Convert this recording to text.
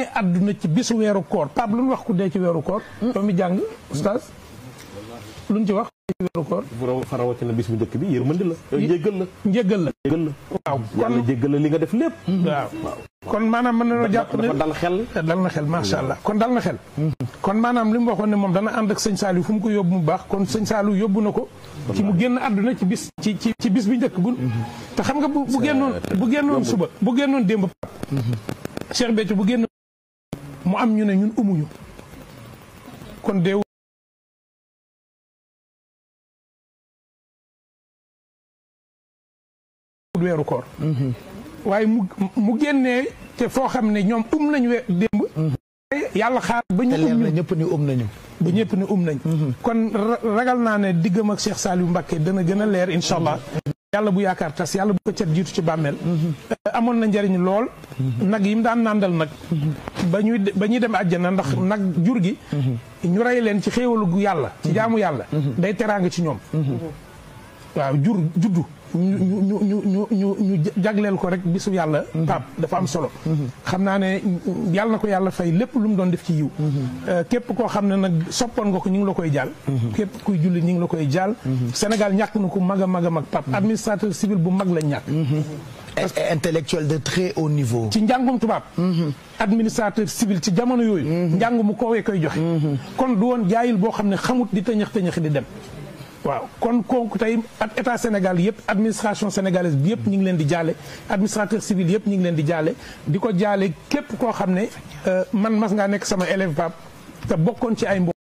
génnee àdduna ci bisu weeru koor Pape lu ñu wax ku dee ci weeru koor. Hmm? yow mi jàng oustaz lu ñu ci wax ci weeru koor. bu rawatina bis bu njëkk bi yërmande la. njëggal la njëggal la. njëggal la waaw kon yàlla jéggal la li nga def lépp. Hmm. waaw kon maanaam mën nañoo jàpp ne dal xel. dal na xel macha allah hmm. kon dal na xel. kon maanaam li mu ne moom dana ànd ak sëñ Saliou fu mu ko yóbbu mu baax kon sëñ Saliou yóbbu na ko. ci mu génn adduna ci bis ci ci ci bis bi njëkk bu. te xam nga bu bu génnoon bu génnoon suba bu génnoon démb. Cheikh Béthio bu génn mu am ñu ne ñun amuñu kon deewu weeru koor mm-hmm. waaye mu mu génnee te foo xam ne ñoom um nañ we démb mm-hmm. yàlla xaar ba um ñëpp ni um nañu ba ñëpp ni um nañ mm-hmm. kon ragal naa ne diggam ak Cheikh Saliou mbakke dana gën a leer incha yàlla bu yaakaar tas yàlla bu ko cat jiitu ci bàmmeel euh, amoon na njariñ lool nag yi mu daan nàndal nag ba ñuy ba ñuy dem àjjana ndax nag jur gi ñu rey leen ci xéewalu yàlla ci jaamu yàlla day teraanga ci ñoom waaw jur juddu. ñu ñu ñu ñu ñu jagleel ko rek bisu yàlla. Mhm. pap dafa am solo. Mhm. xam naa ne yàlla na ko yàlla fay lépp lu mu doon def ci yiw. Mhm. Euh, képp koo xam ne nag soppoon nga ko ñu ngi la koy jaal. képp kuy julli ñu ngi la koy jaal. Sénégal ñàkk na ku mag a mag a mag pap administrateur civil bu mag la ñàkk. intellectuel de très haut niveau. ci njàngum tubaab. administrateur civil ci jamono yooyu. njàng mu koowee koy joxe. kon du woon jaayil boo xam ne xamut di tëñëx tëñëx di dem. waaw kon kooku tey ak état Sénégal yëpp administration sénégalaise bi yëpp ñu ngi leen di jaale administrateur civil yëpp ñu ngi leen di jaale di ko jaale képp koo xam ne euh, man mas ngaa nekk sama élève Pape te bokkoon ci ay